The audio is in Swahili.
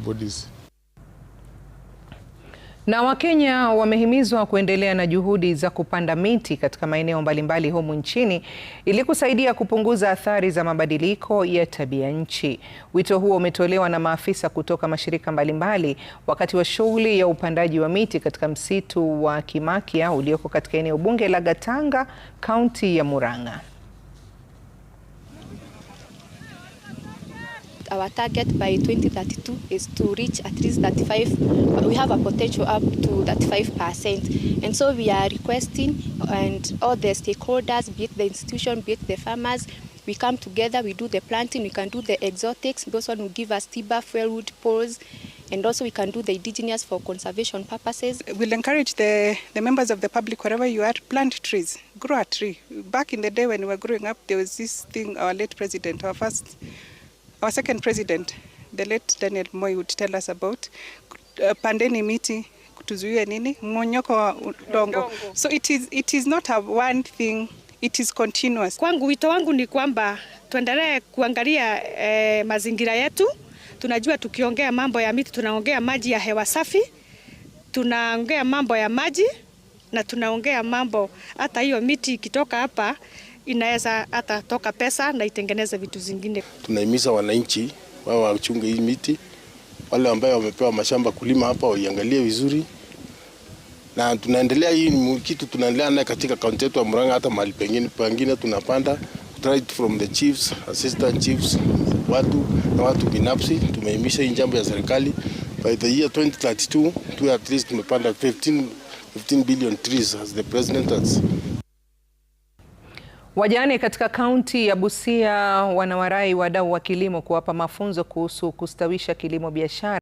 bodies. Na Wakenya wamehimizwa kuendelea na juhudi za kupanda miti katika maeneo mbalimbali humu nchini ili kusaidia kupunguza athari za mabadiliko ya tabia nchi. Wito huo umetolewa na maafisa kutoka mashirika mbalimbali wakati wa shughuli ya upandaji wa miti katika msitu wa Kimakia ulioko katika eneo bunge la Gatanga, kaunti ya Murang'a. our target by 2032 is to reach at least 35. We have a potential up to 35%. And so we are requesting and all the stakeholders, be it the institution, be it the farmers, we come together, we do the planting, we can do the exotics. Those one will give us tiba, firewood, poles, and also we can do the indigenous for conservation purposes. We'll encourage the, the members of the public, wherever you are, plant trees, grow a tree. Back in the day when we were growing up, there was this thing our late president, our first Our second president, the late Daniel Moi would tell us about uh, pandeni miti tuzuie nini mmonyoko wa udongo. So it is, it is not a one thing, it is continuous. Kwangu wito wangu ni kwamba tuendelee kuangalia eh, mazingira yetu. Tunajua tukiongea mambo ya miti tunaongea maji ya hewa safi, tunaongea mambo ya maji na tunaongea mambo hata hiyo miti ikitoka hapa inaweza hata toka pesa na itengeneze vitu zingine. Tunahimiza wananchi wao wachunge hii miti, wale ambao wamepewa mashamba kulima hapa waiangalie vizuri, na tunaendelea hii kitu tunaendelea naye katika kaunti yetu ya Murang'a, hata mahali pengine pengine tunapanda right from the chiefs, assistant chiefs, watu na watu binafsi. Tumehimiza hii jambo ya serikali, by the year 2032 tu at least tumepanda 15 15 billion trees as the president has Wajane katika kaunti ya Busia wanawarai wadau wa kilimo kuwapa mafunzo kuhusu kustawisha kilimo biashara.